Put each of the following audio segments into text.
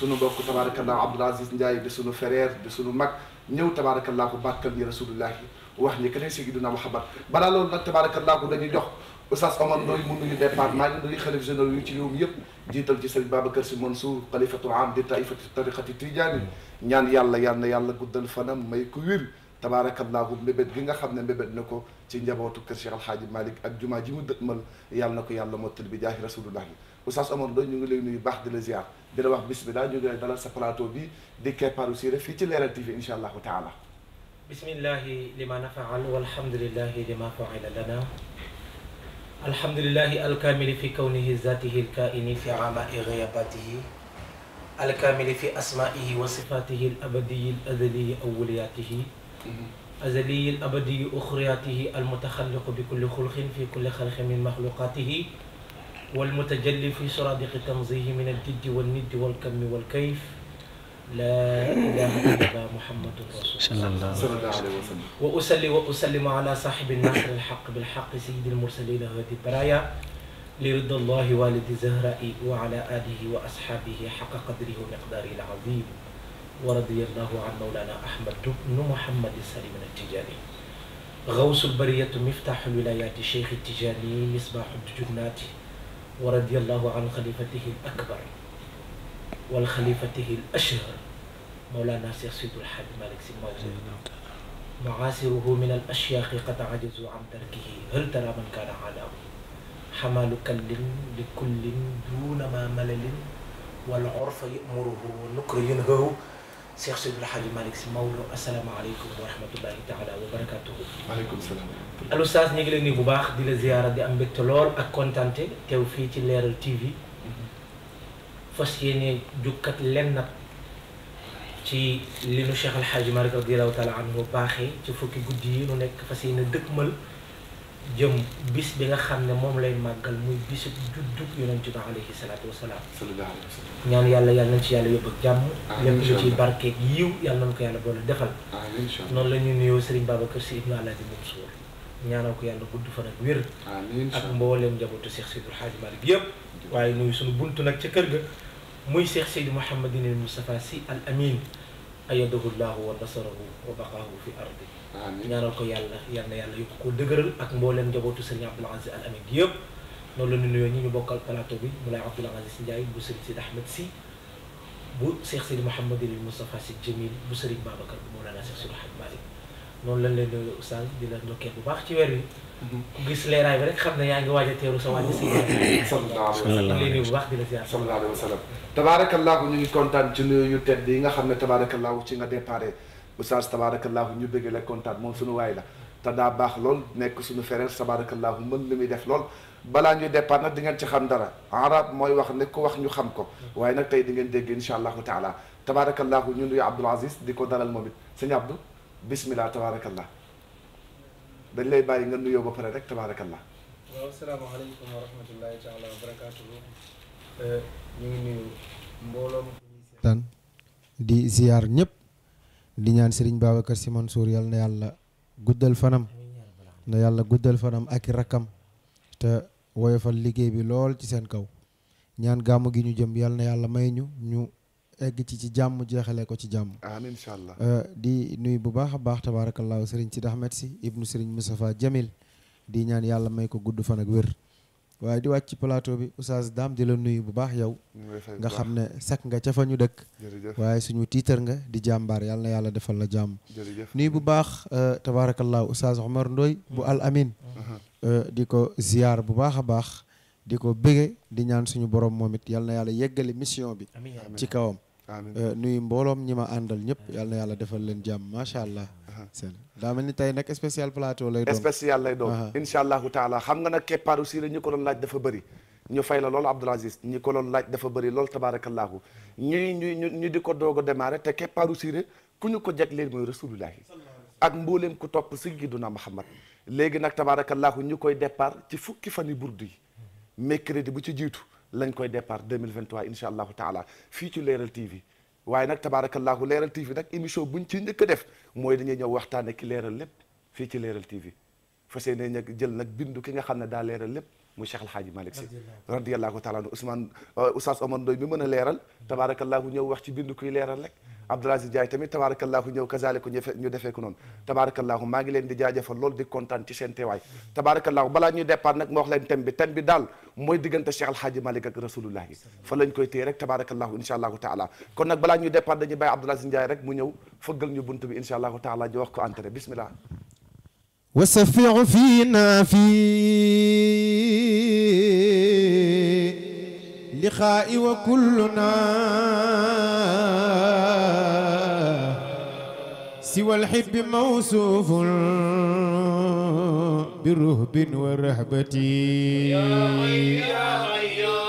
sunu mbokk tabaarakallaahu Abdoul Aziz Ndiaye di sunu frère di sunu mag ñëw tabaarakallaahu bàkkal ñi rasulullahi wax ñi keneen Seydina Muhammad balaa lool nag tabaarakallaahu dañuy jox Oustaz Omar Ndoye mu nuyu département yi nuyu xalif yu ci réew yëpp jiital ci Sëriñ Babacar Sy Mansour xalifatul am di taifati tariqati tijaani ñaan yàlla yal na yàlla guddal fanam may ku wér tabaarakallaahu mbébét gi nga xam ne mbébét na ko ci njabootu kër Cheikh Alhaaji Malick ak jumaa ji mu dëkkmal yàlla na ko yàlla mottal bi jaahi rasulullahi Oustaz Omar Ndoye ñu ngi lay nuyu baax di la ziar di la wax bisimilah ñu ngi lay dalal sa plateau bi di keppaaru siire fii ci Leral TV incha allahu taala. bismillahi lima nafaal walhamdulillahi lima faala lana alhamdulillahi alkaamili fi kawnihi zaatihi alkaaini fi amaai ghayabaatihi alkaamili fi asmaaihi wa sifaatihi alabadiyi alazaliyi awliyaatihi azaliyi alabadiyi uxriyaatihi almutaxalliqu bi kulli xulqin fi kulli xalqin min maxluqaatihi والمتجلي في سرادق تنزيه من الجد والند والكم والكيف لا إله إلا محمد رسول صلى الله عليه وسلم وأسلي وأسلم على صاحب النصر الحق بالحق سيد المرسلين هادي البرايا لرضا الله والد زهراء وعلى آله وأصحابه حق قدره ومقداره العظيم ورضي الله عن مولانا أحمد بن محمد السليم التجاني غوث البرية مفتاح الولايات شيخ التجاني مصباح الجنات wa radiyallahu an xalifatihi l akbar wal xalifatihi l ashhar mawlana Cheikh Seydi El Hadji Malick Sy معاصره من الأشياخ قد عجزوا عن تركه هل ترى من كان علاه حمال كل لكل دون ما ملل والعرف يأمره والنكر ينهه Cheikh Seydi El Hadji Malick Sy Maodo asalaamaaleykum wa rahmatullahi taala wa barakatuhu waaleykum salaam Al Oustaz ñu ngi leen nii bu baax di la ziyaara di am mbégte lool ak kontante teew fii ci Leeral TV fas yéene jukkat lenn ci li nu Cheikh El Hadji Malick radiyallahu taala anhu baaxee ci fukki guddi yi nu nekk fas yéene dëkkmal jëm bis bi nga xam ne moom lay màggal muy bisu juddug yonent bi alayhi salaatu wasalaam ñaan yàlla yàlla nañ ci yàlla yóbbu ak jàmm yàlla nañ ko yàlla boole defal noonu la ñuy nuyoo Serigne Babacar Sy Ibn Alaaji Mansour ñaanal ko yàlla gudd fan ak wér ak mbooleem njabootu Cheikh Seydil Hadji Malick yëpp waaye nuyu suñu bunt nag ca kër ga muy Cheikh Seydi Mouhamadinil Moustapha Sy al Amin ayadahu llahu wa nasarahu wa baqaahu fi ardi ñaanal ko yàlla yal na yàlla yokk ko dëgëral ak mbooleem njabootu sëriñ Abdoul Aziz Al Amine gi yëpp noonu la ñu nuyoo ñi ñu bokkal plateau bi Moulay Abdoul Aziz Ndiaye bu sëriñ Sidi Ahmed Sy bu Cheikh Sidi Mouhamadul Moustapha Sy Jamil bu sëriñ Babacar bu Mawlana Cheikh Sidi Ahmed Malick noonu lañ leen nuyoo oustaz di la ndokkee bu baax ci weer wi mhm. ku gis leeraay bi rek xam ne yaa ngi waaj a teeru sa wàññi si leen bu baax di la ziar sallallahu alayhi wa sallam tabaarakallaahu ñu ngi kontaan ci nuyu ñu tedd yi nga xam ne tabaarakallaahu ci nga déparé oustaz tabaarakallaahu ñu bëggee la kontaan moom suñu waay la te daa baax lool nekk suñu frère tabaarakallaahu mën li muy def lool balaa ñuy départ nag di ngeen ci xam dara arab mooy wax ne ku wax ñu xam ko waaye nag tey di ngeen dégg incha allahu taala tabaarakallaahu ñu nuyu Abdoul Aziz di ko dalal moom it sëñ Abdou bismillah tabaarakallah dañ lay bàyyi nga yow ba pare rek tabaarakallah waaw salaamaaleykum wa rahmatullahi taala wa barakaatuhu eh, ñu ngi nuyu mbooloom tan di ziyaar ñëpp di ñaan Serigne Babacar Sy Mansour yal na yàlla guddal fanam na yàlla guddal fanam ak i rakkam te woyofal liggéey bi lool ci seen kaw ñaan gàmm gi ñu jëm yal yàlla may ñu ñu egg ci ci jàmm jeexalee ko ci jàmm. amiin incha allah euh, di nuyu bu baax a baax tabaarakallaahu Serigne Sidi Ahmed si ibnu Serigne Moustapha Jamil di ñaan yàlla may ko gudd fan ak wér. waaye di wàcc plateau bi oustaz daam di la nuyu bu baax yow nga xam ne sakk nga ca fa ñu dëkk waaye suñu tiitar nga di jàmbaar yàlla na yàlla defal la jàmm nuyu bu baax euh, tabaarakallaahu oustaz Omar ndoy bu al amin uh-huh. euh, di ko ziyaar bu baax a baax di ko bége di ñaan suñu borom moomit yàlla yàlla yeggali mission bi ci kawam euh, nuyu mbooloom ñi ma àndal ñëpp yàlla na yàlla defal leen jàmm macha allah daa mel ni tey nag spécial plateau lay doon spécial lay doon incha allahu taala xam nga nag keppaaru si la ñu ko doon laaj dafa bëri ñu fay la loolu Abdoul Aziz ñi ko loon laaj dafa bëri lool tabarakallahu ñuy ñu ñu di ko doog a démarré te keppaaru siiré ku ñu ko jagleel mooy rasulullahi ak mbooleem ku topp si gidduna Muhammad léegi nag tabarakallahu ñu koy départ ci fukki fan yi burdu yi mercredi bu ci jiitu lañ koy départ 2023 incha allahu taala fii ci Leeral TV waaye nag tabaarakallaahu leeral TV nag émission buñ ci njëkk a def mooy dañuy ñëw waxtaane ki leeral lépp fii ci leeral TV fas yéene nag jël nag bindu ki nga xam ne daa leeral lépp mu Cheikh El Hadji Malick Sy radiyallahu taala anhu Ousmane euh, Oustaz Omar Ndoye mi mën a leeral tabaarakallaahu ñëw wax ci bind kuy leeral rek Abdoul Aziz Diaye tamit tabaarakallaahu ñëw kazaliku ñu defee ko noonu tabaarakallaahu maa ngi leen di jaajëfal loolu di kontaan ci seen teewaay tabaarakallaahu balaa ñuy départ nag ma wax leen thème bi thème bi daal mooy diggante Cheikh El Hadji Malick ak rasulullah yi fa lañ koy téye rek tabaarakallaahu insha allahu kon nag balaa ñuy départ dañuy bàyyi Abdoul Aziz Diaye rek mu ñëw fëggal ñu bunt bi insha allahu taala ji wax ko entrée bismillah وسفع فينا في لقاء وكلنا سوى الحب موصوف برهب ورهبتي يا غيا غيا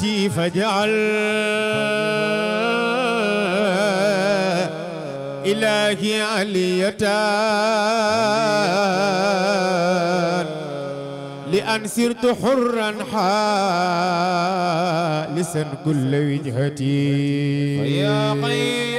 حياتي فاجعل إلهي علية لأن سرت حرا حالسا كل وجهتي فيا قيم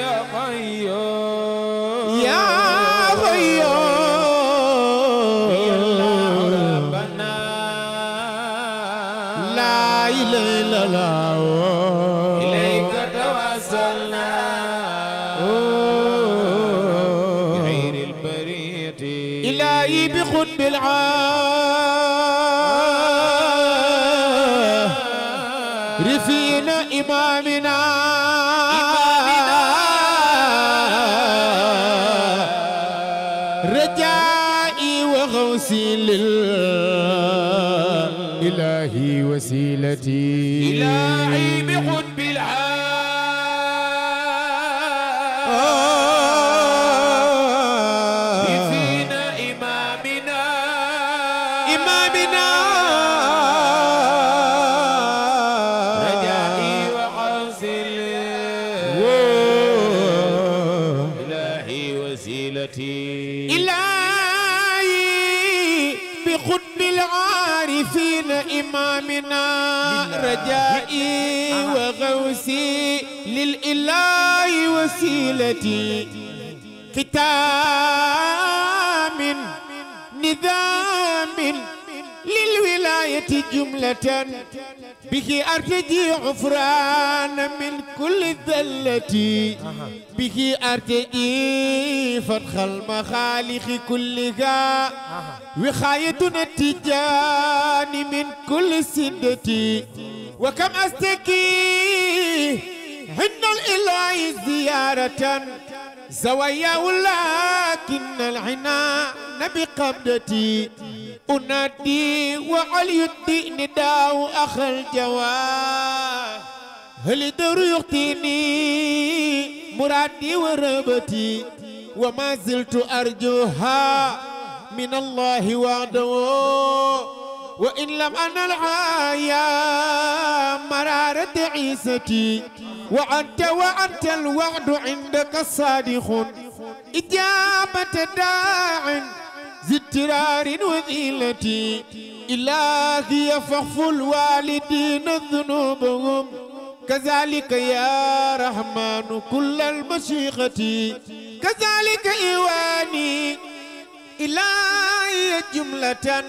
الفردوس للإله وسيلتي إلهي بقطب العالم وسيلتي ختام نظام للولاية جملة به أرتجي غفران من كل ذلة به أرتجي فتح المخالق كلها وخاية التجان من كل سدتي وكم أستكي حن الإله زيارة زوايا ولكن العنا بقبضتي أنادي وعلي الدين داو أخ الجواه هل در يغتيني مرادي ورغبتي وما زلت أرجوها من الله وعده وإن لم أنا العايا مرارة عيستي وأنت وأنت الوعد عندك صادق إجابة داع ذي اضطرار وذيلتي إلهي فاغف الوالدين ذنوبهم كذلك يا رحمن كل المشيخة كذلك إيواني إلهي جملة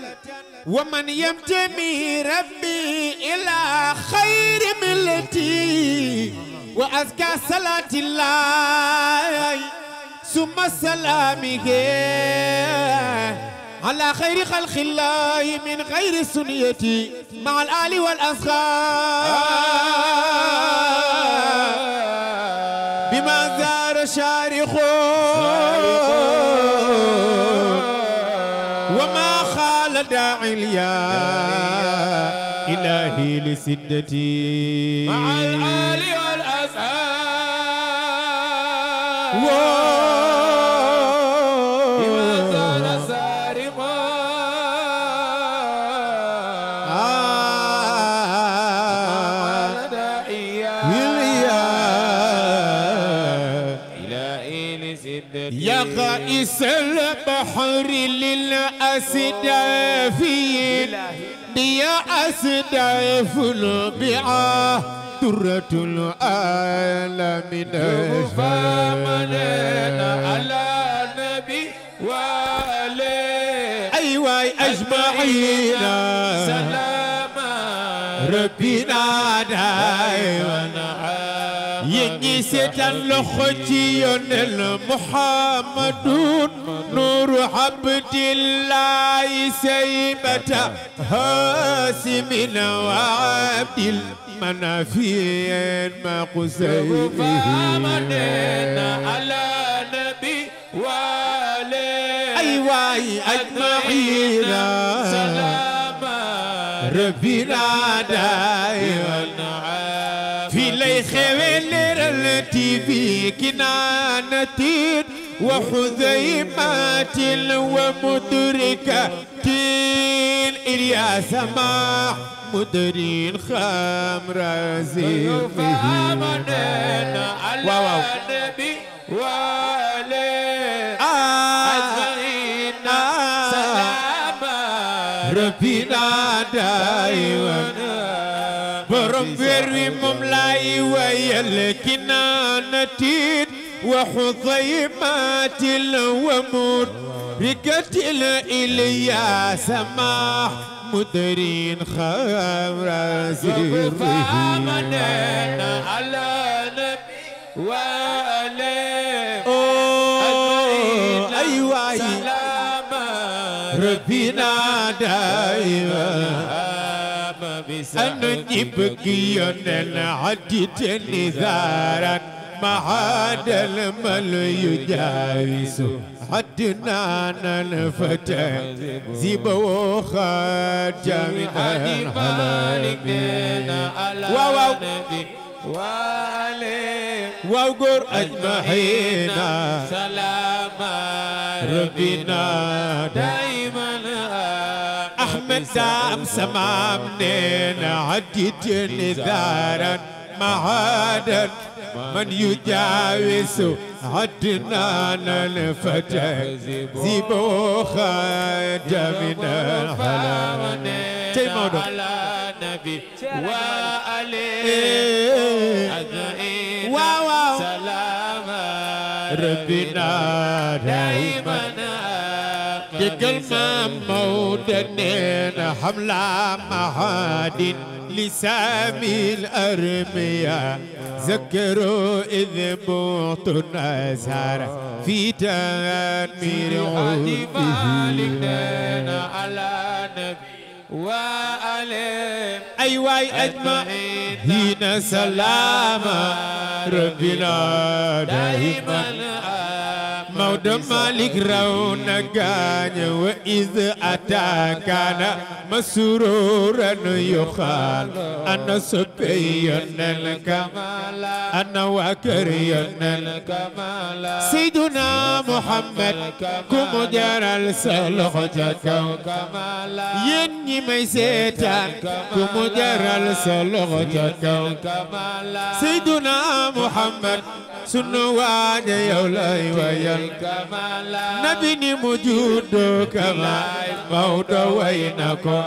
ومن يمتمي ربي إلى خير ملتي وأزكى صلاة الله ثم سلامه على خير خلق الله من غير سنيتي مع الآل والأصحاب يا إلهي لسدتي مع الآل والأسهاب يا غائس البحر للأرض أستعفي لي أستعفل بعا درة العالمين فمننا على نبي وآله أيوة أجمعين سلام ربنا دائما ينجي ستان لخوتي يونل محمد محمد نور عبد الله سيبة هاسم وعبد المنافين ما قسيه فامننا على نبي وآله أيوة أجمعين سلام ربنا دائما في ليخ ولر التي في كنانتين وحذيمات ومدركة إليا سماح مدرين خمر زيفه فآمنا على النبي وآله أجمعين سلاما ربنا دائما برم برم مملاي ويلكنا نتين وحضيمات ومود ركتل إلياس ما مدرين خبر زيره فآمنا على نبي وآله أيوة سلام ربنا دائما أنا نبكي أنا عدت نذارا معاد المل يجاوز عدنان الفتى زيب وخاد جميع الحلال واو واو قر أجمعين سلام ربنا دائما أحمد سام سمام نين عدت نذارا معادا من يجاوز عدنان الفتى زيبو خرج من الحلال على نبي وآله أجمعين سلام ربنا دائما دقل ما مودنين حملا محادن لسامي الأرمياء ذكروا إذ موت النزار في تنمير مالكنا على نبي وآله أي واي أجمعين سلام ربنا دائما da malik raw na gaaña wa iz ata kaana masururan yuxaal ana soppey yonnel kamala ana waa kër yonnel kamala seyduna muhammad ku mu jaral sa loxo kaw kamala yéen may seetaan ku mu jaral sa loxo ca kaw kamala seyduna muhammad sunu waaja yow lay wayal nabi ni mu juddoo kama Maodo way na ko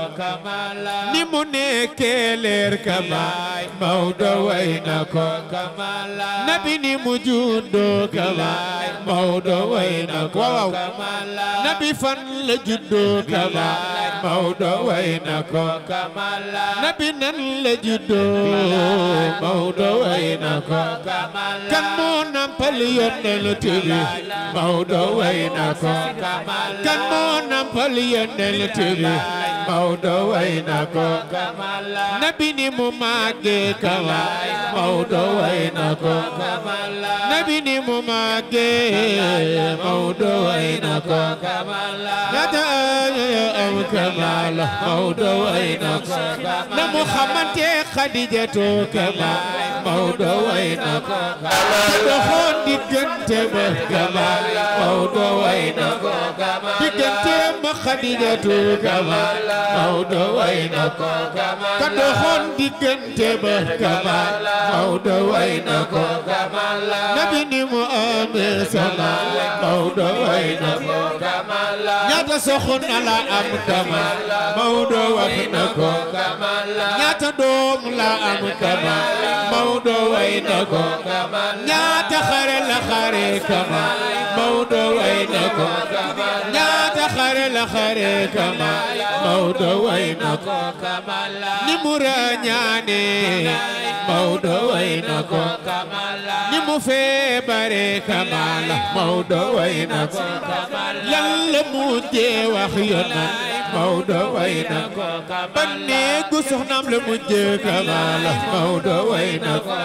ni nabi ni mu juddoo kama Maodo way na nabi nan la juddoo kan moo nampal yónneel tibi Maodo way na ko kan moo nampal yendel tëbi Maodo way na ko kamala nabi ni mu màggee kama Maodo na ko ni mu màggee na ko kamala yata ya am kamala Maodo way na ko na mu xamante Xadijatu kama Maodo way na ko kamala doxoon diggante ba kama Maodo way na ko kamala diggante Maodo way na ko kamal la na ko ni mu amee salaam Maodo way na ko kamal la ñaata soxna la na la am kamal la Maodo way na ko kamal la ñaata xare la xare kamal Maodo way na ko kamal la saxar la mu rañaane Maodo way na ko ni mu feebare kama Maodo way mu jee wax yoon Maodo way soxnaam la mujjee Kamal Maodo way na ko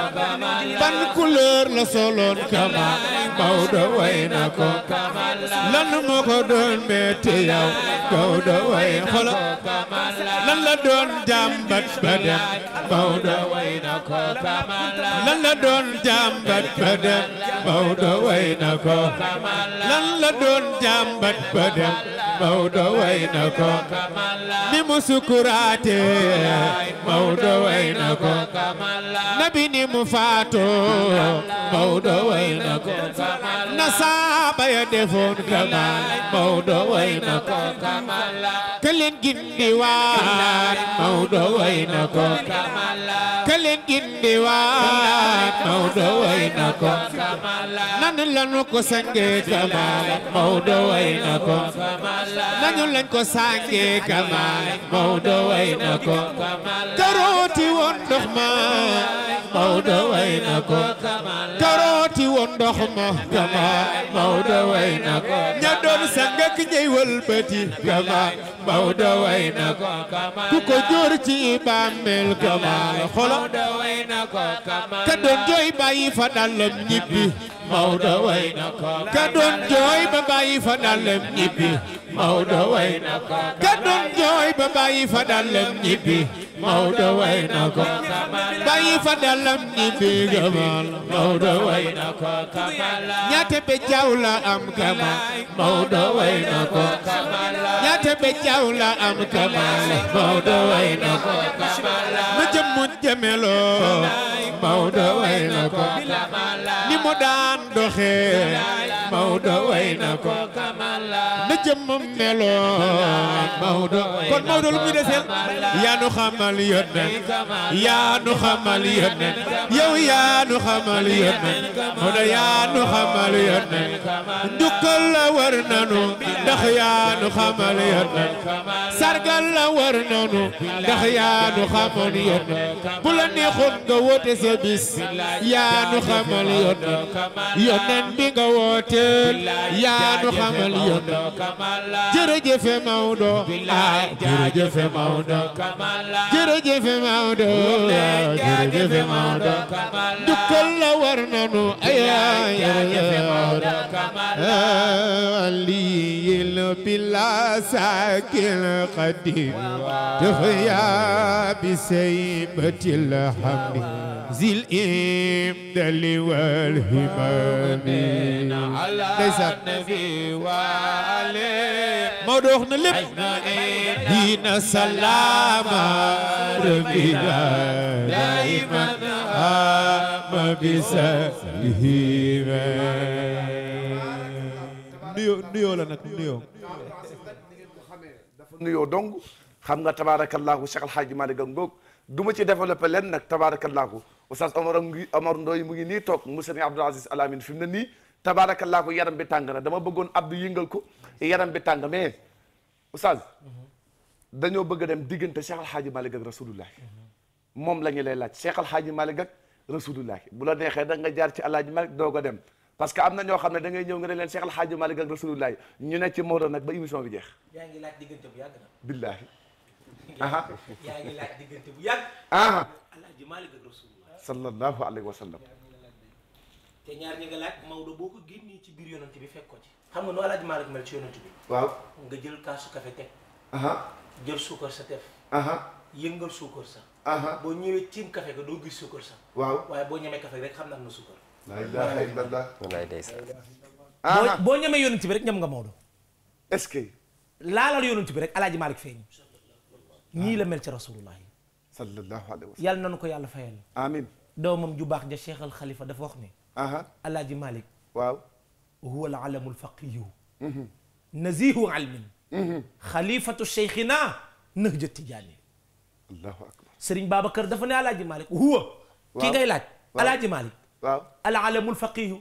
ban couleur la soloon Kamal Maodo way na ko lan moo ko doon metti yow Maodo way xolo lan la doon jàmbat ba dem Maodo way na ko lan la doon jàmbat ba dem Maodo way na ko lan la doon jàmbat ba dem Maodo way na ko ni mu sukuraate Maodo way na ko nabi ni mu faatoo Maodo way na ko na saaba ya defoon kamal Maodo way na ko ka leen gindiwaat Maodo way na ko ka leen gindiwaat Maodo way na ko nan lañu ko sangee kamal Maodo way na ko nañu lañ ko sangee kamal Maodo way na ko karooti woon ndox ma Maodo way na ko karooti woon ndox ma kama Maodo way na ko ña doon sang ak ñey wëlbati kama Maodo way na ko ko jóor ci doon jooy bàyyi fa dalam ñibbi Maodo way na ko ka doon jooy ba bàyyi fa dàllam ñibbi Maodo way na ko ka doon jooy ba bàyyi fa dàllam ñibbi Maodo way na ko bàyyi fa dàllam ñibbi gamal Maodo way na ko kamala ñaata be jaaw la am kama Maodo way na ko kamala ñaata be jaaw la am kamala Maodo way na ko kamala jëmeloo Maodo way na ko ni mu daan doxee Maodo way na kon Maodo lu muy yaa nu xamal yónneen yaa nu xamal yónneen yow yaa nu xamal yónneen Maodo yaa nu xamal yónneen ndax yaa nu xamal yónneen sargal la war nanu ndax yaa nu xamal yónneen bu la neexoon nga woote yaa nu xamal yónneen yónneen bi nga woote yaa nu xamal yoon jërëjëf Maodo ah jërëjëf Maodo jërëjëf Maodo ah, jërëjëf Maodo dukkal la war nanu ولي بلا ساكن قدير تحيا بسيبة الحمد ذي الإمدال والهمام على النبي وعليه moo dox na lépp dina salaama rabbi daiman بسهله nuyoo nuyoo la nag nuyoo dafa xam nga tabaarakallaahu Cheikh El Hadj Malick Ngoog du ma ci développé leen nag tabaarakallaahu Oustaz Omar ngi Omar Ndoye mu ngi nii toog mu sëriñ Abdoul Aziz Al Amine fi mu ne nii tabaarakallaahu yaram bi tàng na dama bëggoon Abdou yëngal ko yaram bi tàng mais dañoo bëgg a dem diggante Cheikh El Hadj Malick ak moom la ñu laaj Cheikh El Hadj rasulullah bu la neexee da nga jaar ci alaaji Malick doog a dem parce que am na ñoo xam ne dangay ñëw nga ne leen Cheikh alhaaji Malick ak rasulullah ñu ne ci Maodo nag ba émission bi jeex yaa ngi laaj diggante aa yaa ngi laaj diggante bu yàgg aa ah. alaaji Malick ak rasulullah sallallahu alayhi wa sallam te ñaar ñi nga laaj Maodo boo ko génnee ci biir yonent bi fekk ci xam nga nu alaaji Malick mel ci yonent bi waaw nga jël kaasu café teg jël suukar sa tef yëngal suukar boo ñëwee tiim café ko doo gis suukar sax waaw waaye boo ñemee café rek xam na am na suukar la ilaha illallah wallaay ndeysaan boo ñemee yonent bi rek ñam nga Maodo est-ce que laalal yonent bi rek alaaji Malick feeñ ñii la mel ci rasulullah sallallahu alayhi wa sallam yàlla nañu ko yàlla fayal amin doomam ju baax ja Cheikh al Khalifa dafa wax ne alaaji Malick waaw huwa al alamu alfaqiyu mhm. nazihu almin mhm. xalifatu cheikhina nëx ja tijaani allahu akbar sëriñ Babacar dafa ne alaaji Malick huwa ki ngay laaj alaaji Malick waaw al alamul faqihu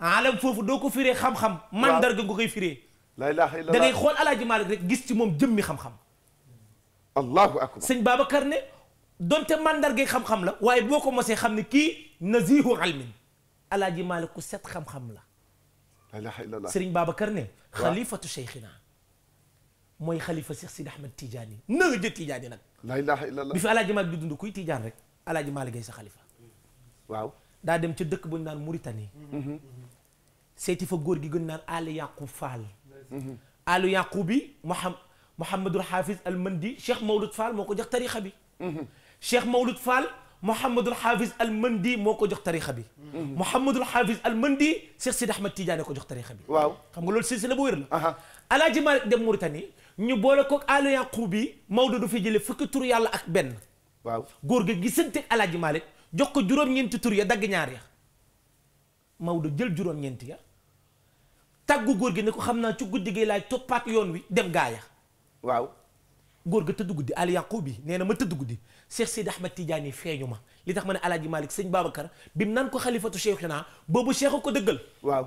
alam foofu doo ko firee xam-xam mandarga nga koy firee la ilaha illallah da ngay xool alaaji Malick rek gis ci moom jëmmi xam-xam allahu akbar sëñ Babacar ne donte mandarga xam-xam la waaye boo ko mosee xam ne kii nazihu almin alaaji Malick ku set xam-xam la la ilaha illallah sëriñ Babacar ne xalifatu cheikhina mooy xalifa Cheikh Sidi Ahmed Tidiane yi nëw jë Tidiane yi nag la ilaha illallah bi fi alaaji Maalik di dund kuy Tidiane rek alaaji Maalik ay sa xalifa waaw daa dem ca dëkk bu ñu naan Mauritanie mm-hmm. seeti fa góor gi gën naan Ali Yaqub Fall mm-hmm. Ali Yaqub bi Moham Mouhamadul Hafiz Almandi Cheikh Mawlud Fall moo ko jox tarixa bi mm-hmm. Cheikh Mawlud Fall Mouhamadul Hafiz Almandi moo ko jox tarixa bi Mouhamadul Hafiz Almandi Cheikh Sidi Ahmed Tidiane ko jox tarixa bi waaw xam nga loolu silsila bu wér la alaaji ñu boole kook Aliou Yacoub bi Maodo du fi jële fukki tur yàlla ak benn waaw góor ga gisante Alaaji Malick jox ko juróom-ñeenti tur ya dagg ñaar ya Maodo jël juróom-ñeenti ya tàggu góor gi ne ko xam naa ci guddi gi laaj toppaat yoon wi dem gaaya waaw góor ga tëdd guddi Aliou bi nee na ma tëdd guddi Cheikh Sidi Ahmed Tidiane feeñu ma li tax ma ne Alaaji Malick sëñ Babacar bim nan ko xalifatu Cheikhuna boobu Cheikh ko dëggal waaw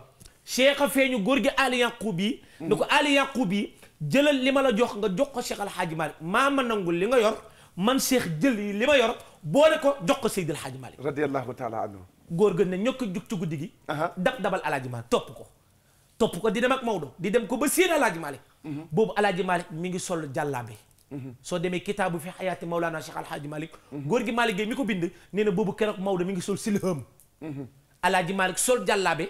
feeñu góor gi Aliou Yacoub bi mm. ne ko Aliou Yacoub bi jëlal li ma la jox nga jox ko Cheikh Alhaaji Malick maa ma nangu li nga yor man Cheikh jël yi li ma yor boole ko jox ko Seydi Alhaaji Malick radiyallahu taala anhu góor gën ne ñokk jug guddi gi dab dabal Alhaaji Malick topp ko topp ko di dem ak Maodo di dem ko ba séen Alhaaji Malick mhm. boobu Alhaaji Malick mi ngi sol jàllaabe mhm. soo demee kitaabu fi xayaati Maulana Cheikh Alhaaji Malick mhm. góor gi Malick Gueye mi ko bind nee na boobu keroog Maodo mi ngi sol silham Alhaaji Malick sol jàllaabe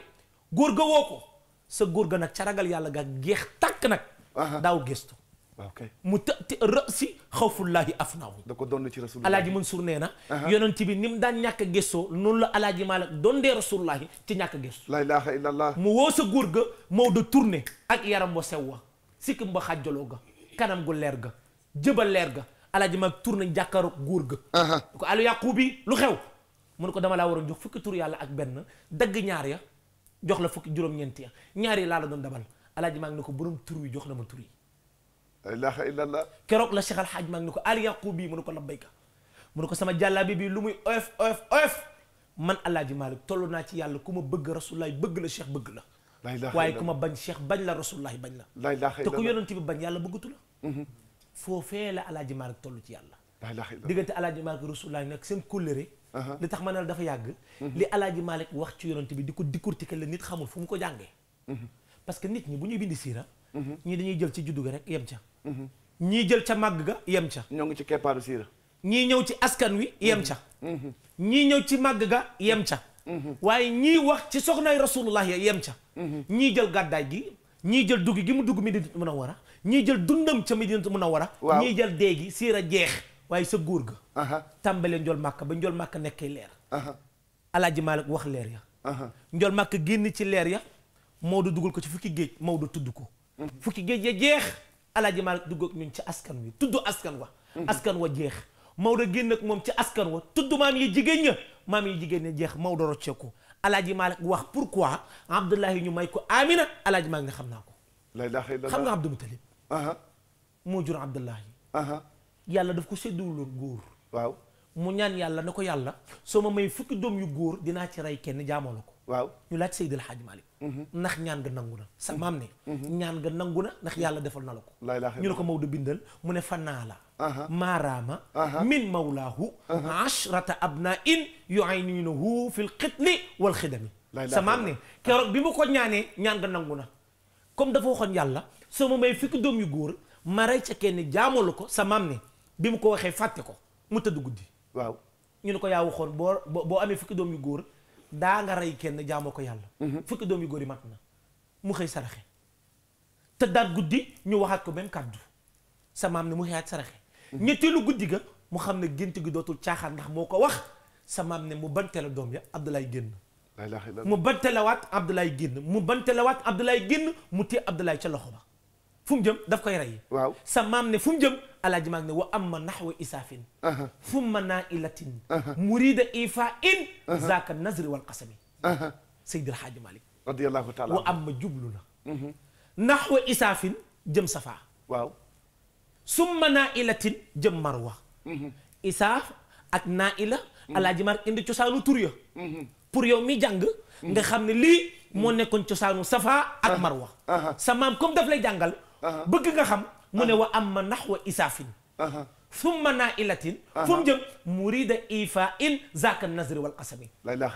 góor ga woo ko sa góor ga nag ca ragal yàlla ga geex tàkk nag daaw gëstu. Ah, ok mu të rësi xawfullahi afnahu. da ko doon ci rasulullah alaaji Mansour nee na. yonent bi ni mu daan ñàkk a gëstoo noonu la alaaji Malick doon dee rasulullahi ci ñàkk gestu gëstu. la ilaha illallah. mu woo sa góor ga Maodo tourné. ak yaram wa sew wa sikkim ba xàjjaloo ga kanam gu leer ga jëbal leer ga alaaji Malick tourné jàkkaaru guur ga. ko alu yaqubi lu xew. mu ko dama laa war a jox fukki tur yàlla ak benn dagg ñaar ya jox la fukki juróom-ñeent ya ñaar laa la doon dabal. alaaji maa ngi ko borom tur wi jox na ma tur yi la ilaha illallah la Cheikh Alhaaj maa ngi ne ko al yaqub bi mu ne ko labbayka mu ne ko sama jàllaabi bi lu muy man alaaji Malick toll naa ci yàlla ku ma bëgg rasulullahi bëgg la cheikh bëgg la waaye ku ma bañ cheikh bañ la rasulullahi bañ la te ku yonent bi bañ yàlla bëggatu la mm-hmm. foofee la alaaji toll ci yàlla diggante alaaji Malick rasulullahi nag seen kóllëre uh-huh. li tax ma ne dafa yàgg mm-hmm. li alaaji Malick wax ci yonent bi di ko décortiquer la nit xamul fu mu ko jàngee mm-hmm. parce que nit ñi bu ñuy bind siira mhm. ñii dañuy jël ci juddu ga rek yem ca mhm. ñii jël ca màgg ga yem ca ñoo ngi ci keppaaru siira ñii ñëw ci askan wi yem ca mhm. ñii ñëw ci màgg ga yem ca waaye ñii wax ci soxnaay rasulullah ya yem ca ñii jël gàddaay gi ñii jël dugg gi mu dugg di a war ñii jël dundam ca a Munawwara ñii jël dee gi siira jeex waaye sa góor ga tàmbalee njool màkk ba njool màkk nekkee leer alaaji Maalik wax leer ya njool màkk génn ci leer ya Maodo dugal ko ci fukki géej Maodo tudd ko. fukki géej ya jeex Alaaji Maalik dugg ak ñun ci askan wi tudd askan wa. askan wa jeex Maodo génn ak moom ci askan wa tudd maam yi jigéen ña maam yi jigéen ña jeex Maodo rocceeku Alaaji Maalik wax pour pourquoi Abdullahi ñu may ko Amina Alaaji Maalik ne xam naa ko. lay daxee xam nga Abdou Moutalib. moo jur Abdullahi. yàlla daf ko sédduwuloon góor. waaw mu ñaan yàlla ne ko yàlla soo ma may fukki doom yu góor dinaa ci rey kenn jaamoo la waaw ñu laaj Seydi El Hadji Malick mhm. ndax ñaan nga nangu na sa maam ne mhm. ñaan nga nangu na ndax mhm. yàlla defal na la ko ñu ne ko maw Maodo bindal mu ne fanaa la maaraama min mawlaahu ashrata abna in yuayniinahu fi lxitli wal xidami sa maam ne keroog bi mu ko ñaanee ñaan nga nangu na comme dafa waxoon yàlla soo ma may fukki doom yu góor ma rey ca kenn jaamoolu ko sa maam ne bi mu ko waxee fàtte ko mu tëdd guddi waaw ñu ne ko yaa waxoon boo boo amee fukki doom yu góor daa nga rey kenn jaamoo ko yàlla mhm. fukki doom yu góor yi mat na mu xëy saraxe te daat guddi ñu waxaat ko même kàddu sa maam ne mu xëyaat saraxe mhm. ñetteelu guddi ga mu xam ne gént gi dootul caaxaan ndax moo ko wax sa maam ne mu bantela doom ya Abdoulaye génn mu bantelawaat Abdoulaye génn mu bantelawaat Abdoulaye génn mu téye Abdoulaye ca loxo ba fu mu jëm daf koy rey. waaw sa maam ne fu mu jëm alaaji maag ne wa amma naxwa isaafin fumma nailatin murida ifa in zaka nazri wal qasami saydil haaji malik radiyallahu taala wa amma jublu na mhm. naxwa isaafin jëm safa waaw summa nailatin jëm marwa mhm. isaaf ak naila mhm. alaaji maag indi cosaanu tur ya pour yow mi jàng nga xam ne lii moo nekkoon cosaanu safa ak marwa sa maam comme daf lay jàngal Uh-huh. bëgg nga xam mu ne uh-huh. wa amma naxwa isaafin summa uh-huh. naa ilatin fu mu jëm murida ifa in zaka nazri wal asami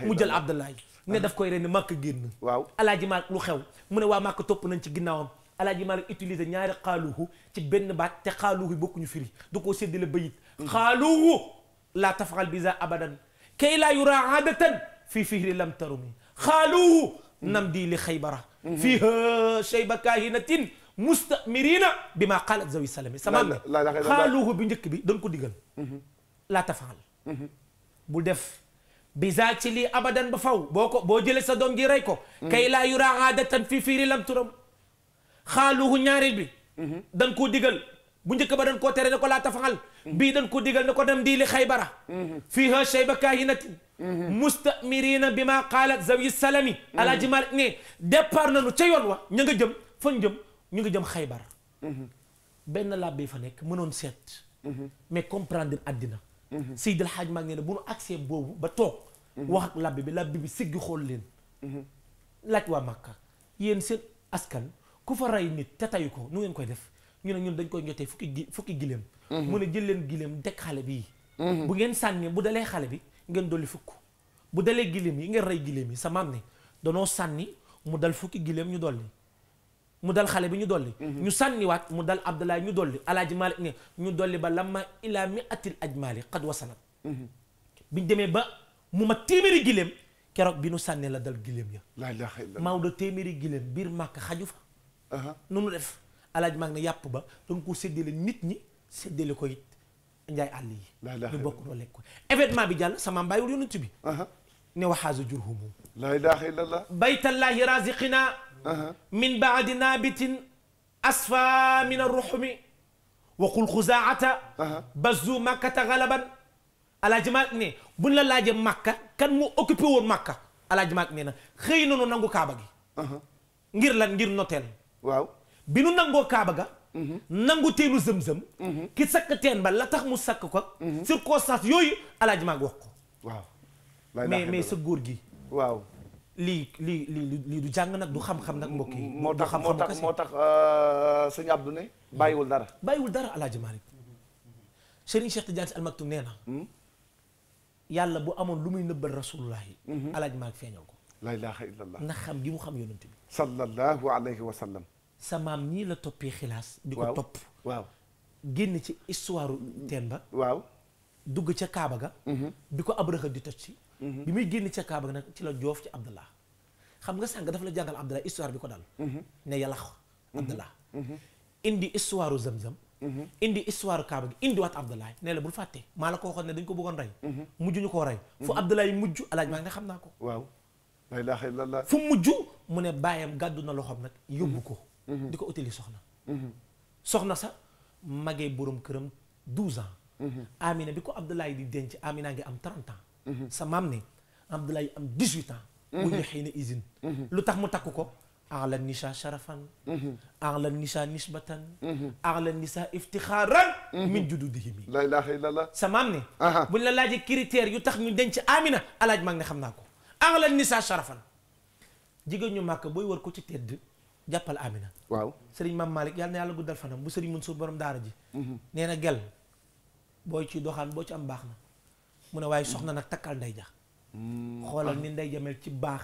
mu jël abdullahi ne daf koy ren makk génn waaw alaaji maalik lu xew mu ne waa màkk topp nañ ci ginnaawam alaaji maalik utilisé ñaari xaaluhu ci benn baat te xaaluhu bokkuñu firi du koo séddale bayit xaaluhu laa tafal biza abadan kay laa yura adatan fii fihri lam tarumi xaaluhu nam di li xaybara fiiha shayba kaahinatin mustamirina bi maa xaalat zawi salami sama xaaluhu bu njëkk bi doon ko digal laa tafaal bul def bisa ci li abadan ba faw boo ko boo jëlee sa doom ji rey ko kay laa yura aadatan fii fiiri lam turam xaaluhu ñaareel bi dan koo digal bu njëkk ba dan koo tere ne ko laa tafaal bii dan koo digal ne ko dem dii li xaybara fiiha shayba kaahinatin mustamirina bi maa qaalat zawi salami alaaji Malik ne départ nañu ca yoon wa ña nga jëm fan jëm ñu ngi jëm xaybar mhm. benn làbbe fa nekk mënoon seet mhm. mais comprendre àddina mhm. Seydi El Hadj Malick nee na bu nu accès boobu ba toog wax ak làbbe bi làbbe bi sigg xool leen laaj waa Màkka yéen seen askan ku fa rey nit te tayu ko nu ngeen koy def ñu ne ñun dañ koy njotee fukki gi fukki gileem mu ne jël leen gileem dekk xale bi bu ngeen sànnee bu dalee xale bi ngeen dolli fukk bu dalee gileem yi ngeen rey gileem yi sa maam ne danoo sànni mu dal fukki gileem ñu dolli mu dal xale bi ñu dolli mhm. ñu sànniwaat mu dal Abdoulaye ñu dolli alaaji Malik ne ñu dolli ba lamma ila mi atil ajmali qad wasanat mhm. biñ demee ba mu ma téeméeri giléem keroog bi nu sànnee la dal giléem ya la ilaha illallah Maodo téeméeri giléem biir màkk xaju fa uh-huh. nu nu def alaaji Malik ne yàpp ba dañ koo séddale nit ñi séddale ko it njaay àll yi ñu bokk noo lekk ko événement bi jàll sama mbaayul yonent bi uh-huh. ne waxaasu jurhumu la ilaha illallah baytallahi raziqina Uh-huh. min baadi naabitin asfa min arruxumi wa qul xuzaata uh-huh. bazu makkata galaban alaaji maalik ne buñ la laaje makka kan mu occupé woon makka alaaji maalik nee na xëy nanu nangu kaaba gi uh-huh. ngir lan ngir noteel waaw bi nu nangoo kaaba ga nangu teenu zëm-zëm ki sakk teen tax mu sakk ko circonstance yooyu alaaji maalik wax ko waaw mais mais sa góor gi waaw lii lii lii lii du jàng nag du xam-xam nag mbokk yi. moo tax moo tax moo tax euh, sëñ Abdou ne bàyyiwul dara. bàyyiwul dara El Hadj Malick Serigne Cheikh Tidiane Al Maktoum nee na. Hmm? yàlla bu amoon lu muy nëbbal rasulullah yi. Hmm. El Hadj Malick feeñal ko. la ilaha illallah ndax xam gi mu xam yonent bi. sallallahu alayhi wa sallam. sa maam ñii la toppee xilaas. di ko topp waaw. génn ci histoire teen ba. waaw dugg ca Kaaba ga. Hmm. bi ko Abraha di toj ci. Mhm. bi muy génn ca Kaaba nag ci la joof ci Abdallah xam nga sànq dafa la jàngal Abdallah histoire bi ko dal mhm. ne yalax Abdallah mhm. indi histoire Zamzam indi histoire Kaaba gi indi waat Abdallah ne la bul fàtte maa la ko waxoon ne dañ ko bëggoon rey mujj ñu koo rey fu Abdallah yi mujj alaaj maa nga xam naa ko waaw la ilaha illallah fu mujj mu ne bàyyam gàddu na loxoom nag yóbbu ko di ko utili soxna soxna sa magee boroom këram douze ans amina bi ko Abdallah yi di denc amina ngi am trente ans Mhm. sa maam ne Abdoulaye am 18 ans. bu mhm. ñu xëy na usine. Mhm. lu tax mu takk ko. axla nisa sharafan axla nisa nisbatan axla nisa iftixaaran min jududihim la ilaha illallah sa maam bu buñ la laajee critères yu tax ñu denc amina alaaj maa ngi ne xam naa ko axla nisa sharafan jigéen ñu màkk booy war ko ci tedd jàppal amina waaw sëriñ maam Malick yàlla na yàlla guddal fanam bu sëriñ Mansour borom daara ji nee na gel booy ci doxaan boo ci am baax na mu ne waaye soxna nag takkal nday ja mm. xoolal ni nday jamel ci baax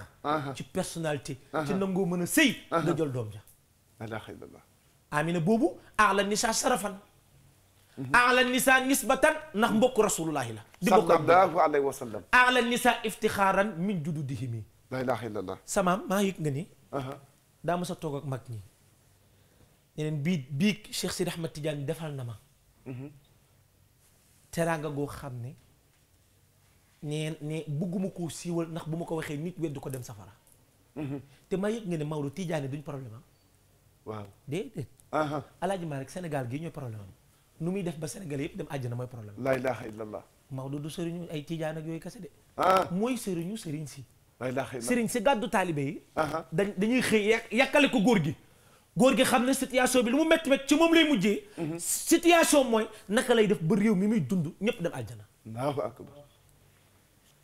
ci personnalité ci nangoo mën a sëy nga jël doom ja alhamdulilah amina boobu aala nisa sarafan aala mhm. nisa nisbatan ndax mbokk rasulullahi la di mbokk sallallahu alayhi wa iftixaaran min jududihimi la ilaha samaam maa yëg nga ni daa ma sa toog ak mag ñi ñeneen bii bii Cheikh Sidi Ahmad Tidiane defal na ma mhm. teraanga goo xam ne nee ne bëgguma ko siiwal ndax bu ma ko waxee nit weddu ko dem safara mhm. te ma yëg nga ne Maodo Tidiane duñ problème waaw déedéet alaaji maa rek Sénégal gii ñooy problème am nu muy def ba Sénégal yëpp dem àjjana mooy problème la ilaha illallah Maodo du sëriñu ay Tidiane ak yooyu kese ah. mooy sëriñu sëriñ si sëriñ si gàddu taalibe yi dañ dañuy xëy yàkkale ko góor gi góor gi xam ne situation bi lu mu métti métti ci moom lay mujjee mhm. situation mooy naka lay def ba réew mi muy dund ñëpp dem àjjana allahu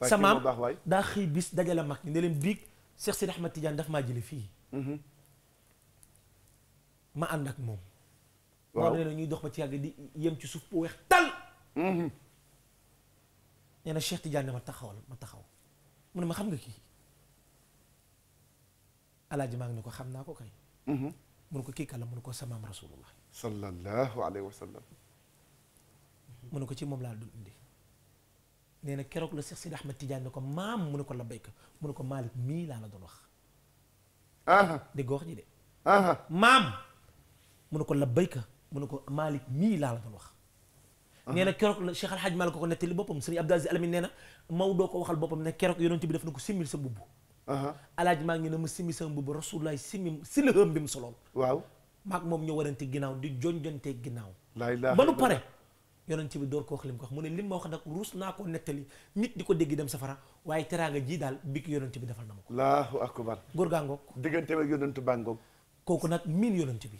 sa maam daa xëy bis dajale mag ñi ne leen biig Cheikh Sidi Ahmad Tidiane daf maa jële fii mhm. ma ànd ak moom waaw nee na ñuy dox ba ci yàgg di yem ci suuf bu weex tal mhm. nee na Cheikh Tidiane ma taxawal ma taxaw mu ne ma xam nga kii alaaji maa ngi ne ko xam naa ko kay mhm. mun ko kii kala mun ko samaam rasulullah sallallahu alayhi ko ci moom laa dund indi nee na keroog la Cheikh si Ahmed Tidiane ne ko maam mu ne ko labbayka mun ne ko Malick mii laa la doon wax. dégg de. maam mu ne ko labbayka mu ne ko Malick mii laa la doon wax. nee na keroog la Cheikh Al Hadj Malick ko nettali boppam sëriñ Abdou Aziz Alamine nee na Maodo ko waxal boppam ne keroog yonent bi def na ko simmil sa mbubb. alaaj maa ngi ne ma simmi sa mbubb Rasulullah simmi si la bi mu soloon. waaw maag moom ñu warante ginnaaw di jonjonte ginnaaw. ba nu pare. yonent bi door ko wax ko wax mu ne lim ma wax nag ruus naa ko nettali nit di ko dégg dem safara waaye teraanga ji daal bi ki bi defal na ma ko allahu akbar góor gaa ngoog diggante ba yonent kooku nag miin yonent bi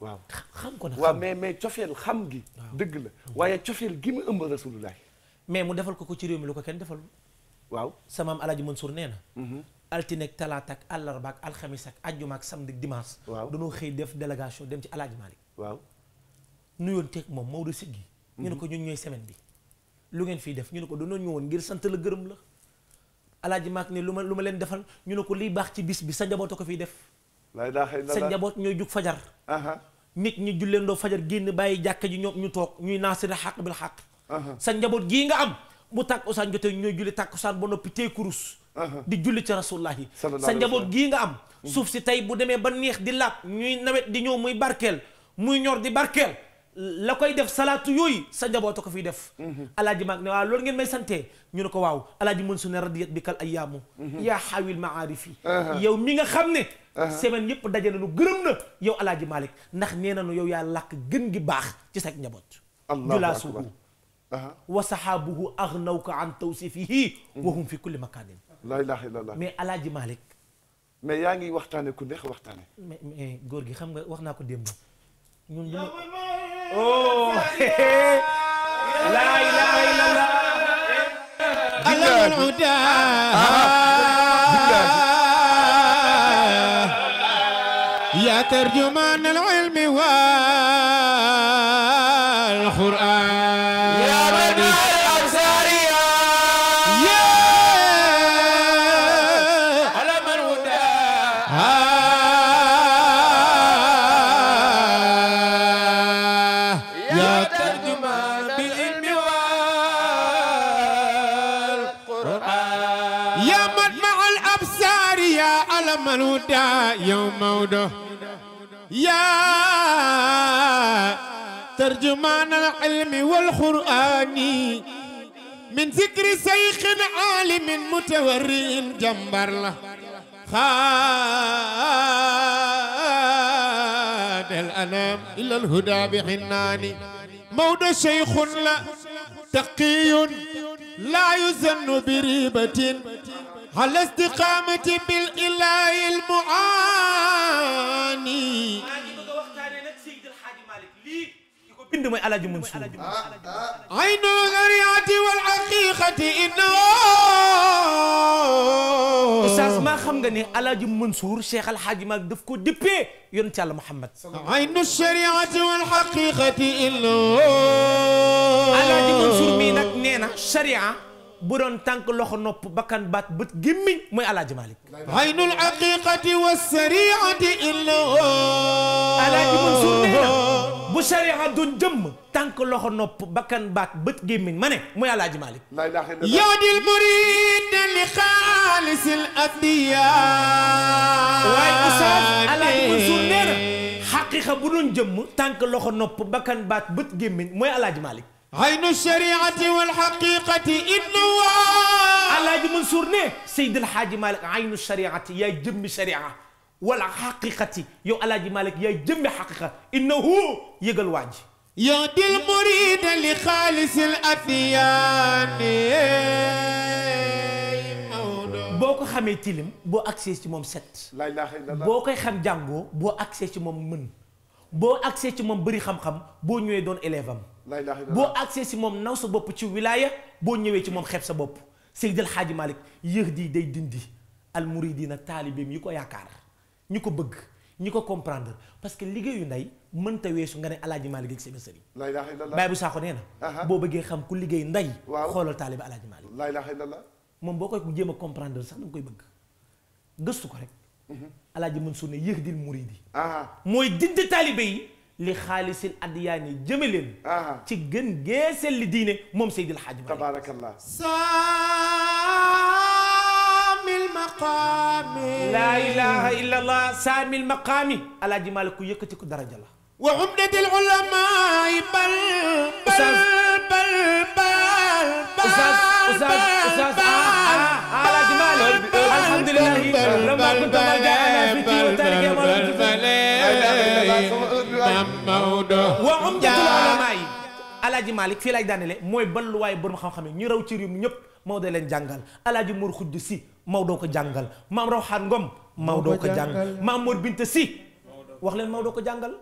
waaw xam ko nag waaw mais mais cofeel xam gi dëgg la waaye cofeel gi mu ëmb rasulullah mais mu defal ko ko ci réew mi lu ko kenn defal waaw sama maam Alaaji Mansour nee na mhm. altinek talaata ak àllarba ak alxamis ak ajjuma ak samedi dimanche waaw dañoo xëy def délégation dem ci Alaaji Malick waaw nuyoon teeg moom Maodo siggi ñu ne ko ñun ñooy semaine bi lu ngeen fii def ñu ne ko dañoo woon ngir sant la gërëm la alaaji maak ne lu ma lu ma leen defal ñu ne ko liy baax ci bis bi sa njaboot a ko fiy def sa njaboot ñooy jug fajar nit ñi julleen doo fajar génn bàyyi jàkka ji ñoom ñu toog ñuy naasira xaq bil xaq sa njaboot gii nga am bu tàkkusaan jotee ñooy julli tàkkusaan ba noppi tey kurus di julli ci rasulullah yi sa njaboot gii nga am mhm. suuf si tey bu demee ba neex di laab ñuy nawet di ñëw muy barkeel muy ñor di barkeel la koy def salaatu yooyu sa njaboota ko fiy def mhm. alaaji maag ne waaw lool ngeen may santee ñu ne ko waaw alaaji mën su ne radiyat bi kal ayaamu mhm. yaa xaawil maarifi yow mi nga xam ne semaine yëpp daje nañu gërëm na yow alaaji malik ndax nee nañu yow yaa làkk gën gi baax ci sa njaboot julaasuhu wa saxaabuhu aghnawka an tawsifihi wa hum fi kulli makanin la ilaha illallah mais alaaji malik mais yaa ngi waxtaane ku neex waxtaane mais góor gi xam wax naa ko démb ñun oh laa ilaaha illallah. يا ترجمان العلم والقرآن موده يا ترجمان العلم والقرآن من ذكر شيخ عالم متوري جنبر له خاد الأنام إلى الهدى بحناني مولى شيخ لا تقي لا يزن بريبة على استقامة بالإله المعاني bind mooy Alaaji Mansuur عين الغريعة والحقيقة إنه Oustaz maa xam nga ne Alaaji Mansuur Cheikh Al Hadj Malick daf ko dippee yonent Yàlla Muhammad عين الشريعة والحقيقة إنه Alaaji Mansuur mii nag nee na sharia bu doon tànk loxo nopp bakkan baat bët gémmiñ mooy alaaji Malick aynul haqiqati wa sariati illa alaaji Mansour tànk loxo nopp bakkan baat bët gémmiñ ma ne mooy alaaji Malick yow dil murid li bu doon jëmm tànk loxo nopp bakkan baat bët gémmiñ mooy alaaji Malick aynu shariati wal haqiqati innu alaaji Mansour ne Seydi El Hadji Malick aynu shariati yaa jëmmi sharia wala haqiqati yow alaaji Malick yaa jëmmi haqiqa innahu yëgal waa ji يهدي المريد لخالص الأثيان boo ko xamee tilim boo agsee ci moom set boo koy xam jàngoo boo agsee ci moom mën boo agsee ci moom bëri xam-xam boo ñëwee doon élève am boo accès si moom naw sa bopp ci wilaaya boo ñëwee ci moom xeeb sa bopp Seydil Hadji Malick yéex di day dindi almuridina taalibeem yi ko yaakaar ñu ko bëgg ñu ko comprendre parce que liggéeyu ndey mënta weesu nga ne alaaji Malick ak sama sëriñ baay bu saako nee na boo bëggee xam ku liggéey ndey xoolal taalibe alaaji Malick la ilaha illallah moom boo koy jéem a comprendre sax da nga koy bëgg gëstu ko rek mhm. alaaji Mansour ne yéex dil muridi mooy dindi taalibe yi li xaalisil addiyaa ni jëme leen ci gën geesel li diine moom Seydil Hadji Malick tabarakallah saamil maqaami laa ilaha illa allah saamil maqaami alaaji Malick ku yëkkati ko daraja la wa umdatil ulamaa bal bal bal bal ustaz ustaz ustaz ah, ah, ah, alaaji Malick alhamdulillah Maodo wa umdatul ulama yi alaaji Malick fii laay daanele mooy balluwaay borom xam-xam yi ñu raw ci réew mi ñëpp leen jàngal alaaji Mor Xudd si Maodo ko jàngal maam Rawxaan Ngom Maodo ko jàngal maam Mor Binta si wax leen Maodo ko jàngal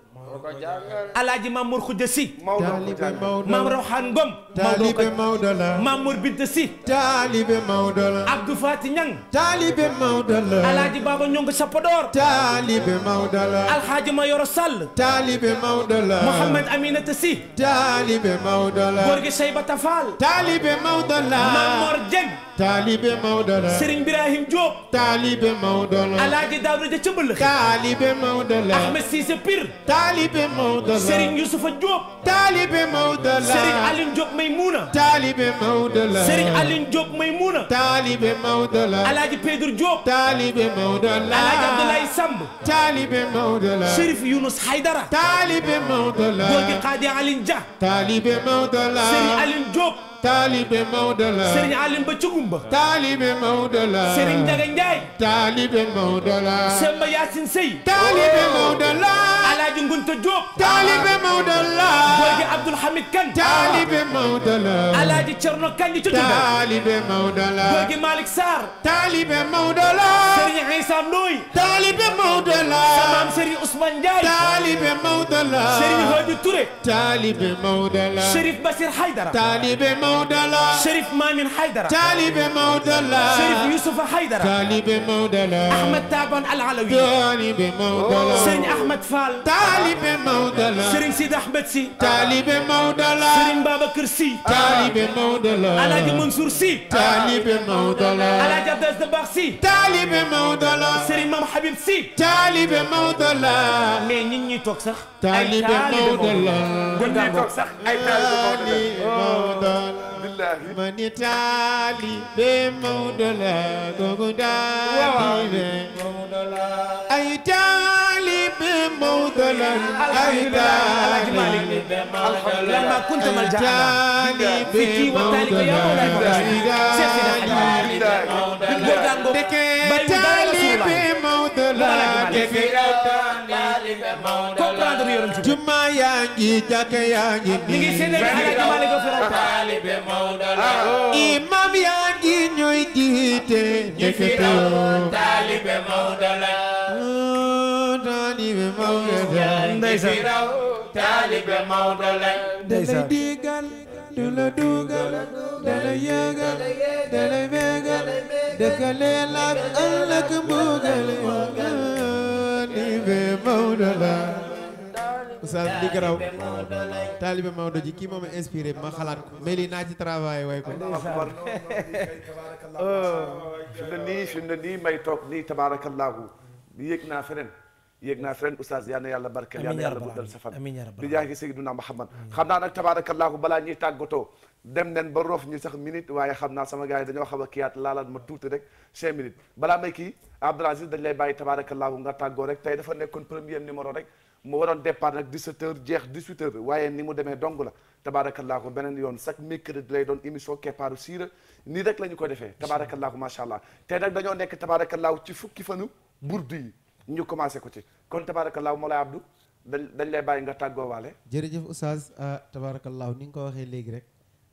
alaaji Mamour Khoudia Sy Maam Rawhan Ngom taalibe Maodo la Mamour Binta Sy taalibe Maodo la Abdou Fati Niang taalibe Maodo la alaaji Baba Ñong Sapodor taalibe Maodo la alxaaji Mayoro Sall taalibe Maodo la Mouhamed Aminata Sy taalibe Maodo la Gorgui Cheybata Fall taalibe Maodo la Mamor Dieng taalibe Maodo la taalibe Maodo la Serigne Youssoufa Diop. taalibe Maodo la Serigne Aline Diop Maymouna. taalibe Maodo la Serigne Aline Diop Maymouna. taalibe Maodo la Alaaji Pedro Diop. taalibe Maodo la Alaaji Abdoulaye Samb. taalibe Maodo la Chérif Younous Haydara. taalibe Maodo la Gorgui Khadi Aline Dia. taalibe Maodo la Serigne Aline Diop. taalibe Maodo la Serigne Alim ba Cugumba. taalibe Maodo la Serigne Ndiaga Ndiaye. taalibe Maodo la Samba Yacine Sey. taalibe Maodo la Alaaji Ngunta Diop. taalibe Maodo la Boyge Abdoul Hamid Kane. taalibe Maodo la Alaaji Thierno Kandji Cuddu. taalibe Maodo la Boyge Malick Sarr. taalibe Maodo la Serigne Issa Ndoye. taalibe Maodo la Samaam Serigne Ousmane Ndiaye. taalibe Maodo la Serigne Hadi Touré. taalibe Maodo la Cherif Bassir Haydara. taalibe Maodo la Cherif Mamin Haydara taalibe Maodo la Cherif Youssoufa Haydara taalibe Maodo la Ahmed Taban Al Alawi taalibe Maodo la Serigne Ahmed Fall taalibe Maodo la Serigne Sidi Ahmed Sy taalibe Maodo la Serigne Babacar Sy taalibe Maodo la Alhaji Mansour Sy taalibe Maodo la Alhaji Abdas Dabax Sy taalibe Maodo la Serigne Mame Habib Sy taalibe Maodo la mais nit ñi toog sax taalibe Maodo la nit ñi toog sax ay taalibe Maodo la Abdullahi mani taali be Maodo la googu daali be Maodo la ay taali be Maodo la ay taali be Maodo la ma kunta malja taali be Maodo la ay taali be Maodo la yaa ngi jàkke yaa ngi nii. ngi séddee Alaaji Maalik Lo Fera taalibe Maodo la. Ah, imam yaa ngi ñooy jiite. ñu fi raw taalibe Maodo la. Ah, taalibe Maodo la. ndeysaan ñu fi raw taalibe Maodo la. ndeysaan dalay digal dalay dugal dalay yëgal dalay bégal dëkkale la ak ëllëg mbugal taalibe Maodo la. oustaz li garaw taalibe Maodo ji kii moom a inspiré ma xalaat ko mais naa ci travail way ko fi na nii fi na nii may toog nii tabaarakallaahu yéeg naa feneen yéeg naa feneen oustaz yal na yàlla barkeel yal na yàlla guddal sa fan bi jaay Seydina Muhammad xam naa nag tabaarakallaahu balaa ñuy tàggatoo dem nen ba rof ñu sax minute waaye xam naa sama gars yi dañoo xaw a kiyaat laalaat ma tuuti rek cinq minutes balaa may kii Abdoul Aziz dañ lay bàyyi tabaarakallaahu nga tàggoo rek tey dafa nekkoon premier numéro rek mu waroon départ nag 17h jeex 18 waaye ni mu demee dong la tabaarakallaa ko beneen yoon chaque mercredi lay doon émission keppaaru siira nii rek la ñu ko defee tabaarakallaa ko macha allah te nag dañoo nekk tabaarakallaa ci fukki fanu burdu yi ñu commencé ko ci kon tabaarakallaa moo lay abdu dañ dañ lay bàyyi nga tàggoo waale jërëjëf oustaz ah, tabaarakallaa ni nga ko waxee léegi rek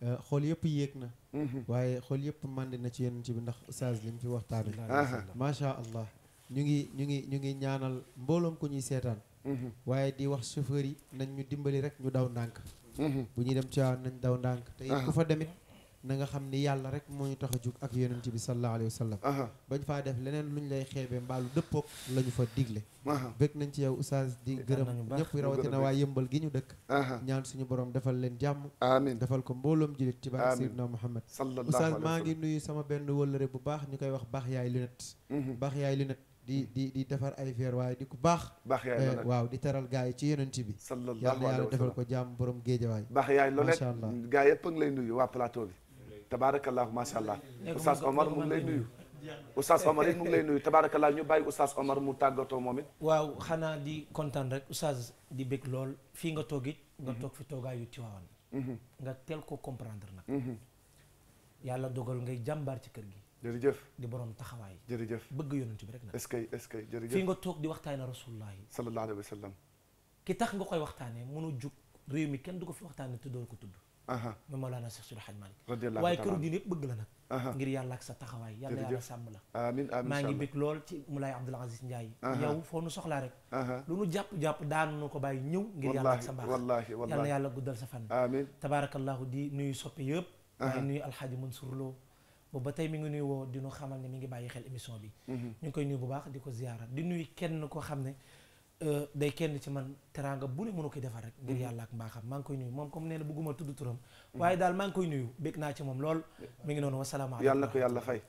ah, xool yëpp yéeg na mhm. waaye xool yëpp màndi na ci yonent bi ndax oustaz li mu fi waxtaane macha allah ñu ngi ñu ngi ñu ngi ñaanal mbooloom ku ñuy seetaan Mm-hmm. waaye di wax chauffeur yi nañ ñu dimbali rek ñu daw ndànk mm-hmm. bu ñuy dem Tiwaawan nañ daw ndànk te it ku uh-huh. fa demit na nga xam ni yàlla rek moo ñu tax a jug ak yonent bi sallallahu alayhi wa sallam uh-huh. bañ faa def leneen luñ lay xeebee mbaalu dëppoog la ñu fa digle uh-huh. bëgg nañ ci yow oustaz di gërëm ñëpp rawatina waaye yëmbal gi ñu dëkk ñaan suñu borom defal leen jàmm amiin defal ko mbooloom julit ci baax sayyidina Muhammad oustaz maa ngi nuyu sama benn wëllëre bu baax ñu koy wax baax yaay lunette mm-hmm. baax yaay lunette di di di defar ay veer waaye di ku baax. baax yaay eh, waaw di teral gaa yi ci yonent bi. sallallahu alayhi wa sallam yàlla defal ko boroom borom géejawaay. baax yaay lu nekk gars yëpp a ngi lay nuyu waa plateau bi. tabaarakallahu macha allah. Oustaz Omar mu ngi lay nuyu. Oustaz Omar it mu lay nuyu tabaarakallah ñu bàyyi Oustaz Omar mu tàggatoo moom it. waaw xanaa di kontaan rek Oustaz di bëgg lool fii nga toog it. nga mhm. toog fi toogaay yu Tiwaawan. Mhm. nga tel ko comprendre nag. Mhm. yàlla dogal ngay jàmbaar ci kër gi. jërëjëf di boroom taxawaay. jërëjëf bëgg yonent bi rek nag. est-ce que est-ce que jërëjëf fii nga toog di waxtaanee rasulullahi. sallallahu ki tax nga koy waxtaanee mënu jug réew mi kenn du ko fi waxtaanee te doo ko tudd. moom Mawlana Cheikh Sidi Hadj Malick. radiyallahu waaye bëgg la nag. ngir yàlla ak sa taxawaay. yàlla yàlla sàmm la. amiin amiin maa lool ci Moulay Abdoul Aziz Ndiaye. yow foo nu soxlaa rek. lu nu jàpp jàpp daan nu ko bàyyi ñëw. ngir yàlla ak sa mbaax yàlla yàlla guddal sa fan. amiin tabaarakallahu di nuyu soppe yëpp. waaye nuyu Alxaaji Mansour Lo boobu ba tey mi ngi nuy woo di xamal ne mi ngi bàyyi xel émission bi. Mhm. ñu ngi koy nuyu bu baax di ko ziyaara di nuy kenn koo xam ne euh, day kenn ci man teraanga bu ne mënu koy defar rek. ngir mhm. yàllaa ak mbaaxam maa ngi koy nuyu moom comme nee na bëgguma tudd turam. Mhm. waaye daal maa ngi koy nuyu bég naa ci moom lool. mi ngi noonu wasalaamaaleykum yàlla na ko yàlla fay.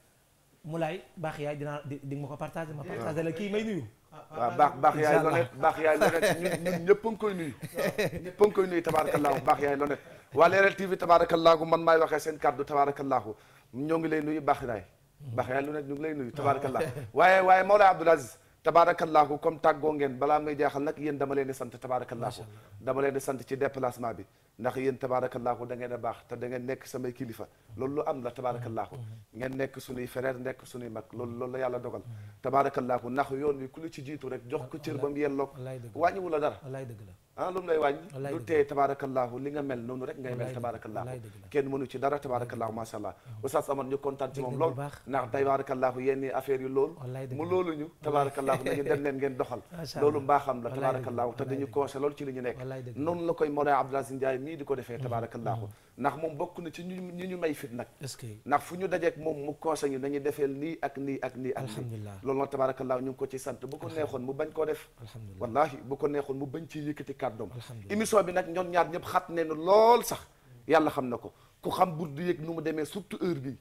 Moulay baax yaay dinaa di di ma ko partagé ma partagé la kii may nuyu. waaw ah, ah, baax baax yaay lonet baax yaay lonet ñun ñun ñëpp a ngi koy nuyu a ngi koy nuyu tabaarakallaahu baax yaay lonet waa man maay waxee seen kàddu tabaarakallaahu ñoo ngi lay nuyu baax Baxraay hmm. Baxraay lu ne ñu ngi lay nuyu ah. tabaarakallah waaye waaye Mawla Abdoul Aziz tabaarakallaahu comme tàggoo ngeen balaa may jaaxal nag yéen dama leen di sant tabaarakallaahu dama leen sant ci déplacement bi ndax yéen tabaarakallaahu da ngeen a baax te da ngeen nekk samay kilifa loolu lu am la tabaarakallaahu hmm. hmm. ngeen nekk suñuy frère nekk suñuy mag loolu loolu la yàlla dogal tabaarakallaahu ndax yoon wi ku lu ci jiitu rek jox ko cër ba mu yelloog wàññiwu wula dara ah lu mu lay wàññi lu tee tabaarakallaahu li nga mel noonu rek ngay mel tabaarakallaahu kenn mënu ci dara tabaarakallaahu macha allah oustaz Amar ñu kontaan ci moom lool ndax tabaarakallaahu yenni affaire yu loolu mu loolu ñu tabaarakallaahu nañu dem leen ngeen doxal loolu mbaaxam la tabaarakallaahu te dañu conseil lool ci li ñu nekk noonu la koy Mawlay Abdoul Aziz Ndiaye mii di ko defee mhm. tabaarakallaahu ndax moom bokk na ci ñu ñu ñu may fit nag ndax fu ñu dajeek moom mu conseil ñu dañuy defeel nii ak nii ak nii ak nii loolu nag tabaarakallaa ñu ngi ko ci sant bu ko neexoon mu bañ koo def wallahi bu ko neexoon mu bañ ci yëkkati kàddoom émission bi nag ñoom ñaar ñëpp xat ne lool sax yàlla xam na ko ku xam burdu yëg nu mu demee surtout heure bi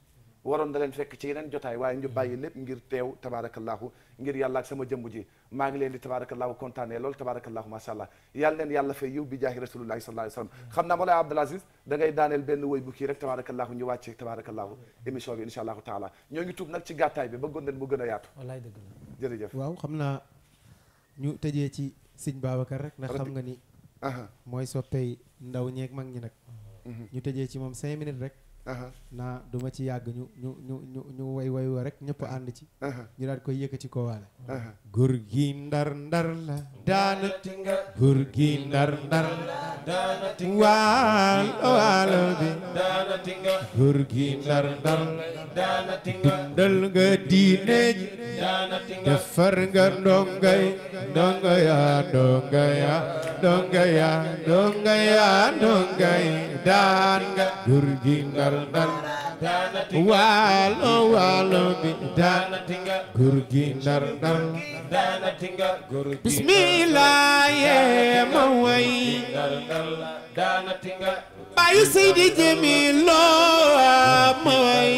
waroon na leen fekk ci yeneen jotaay waaye ñu bàyyi lépp ngir teew tabaarakallaahu ngir yàlla ak sama jëmm ji maa ngi leen di tabaarakallaahu kontaanee loolu tabaarakallaahu macha allah yàlla leen yàlla fay yiw bi jaahi rasulullahi sallallahu alayhi wasallam xam naa Mawlaay Abdul Aziz da ngay daaneel benn woy bu kii rek tabaarakallaahu ñu wàccee tabaarakallaahu émission bi insha allahu taala ñoo ngi tuub nag ci gàttaay bi bëggoon nañ mu gën a yaatu wallaay dëgg la jërëjëf waaw xam naa ñu tëjee ci sëñ Babacar rek ndax xam nga ni mooy soppey ndaw ñeeg mag ñi nag ñu tëjee ci moom cinq minutes rek naa duma ci yàgg ñu ñu ñu ñu ñu way way wa rek ñëpp ànd ci ñu daal koy yëkkati ko waale góor gi ndar ndar la daanati nga góor gi ndar ndar la daanati nga waal gi ndar ndar daanati nga nga daan nga góor gi ndar balbal waalo waalo bi daanati nga góor gi ndar ndar daanati nga góor gi bismillah eh, yee ma way daanati nga bàyyi Seydi Jamil loo oh, ah, ma way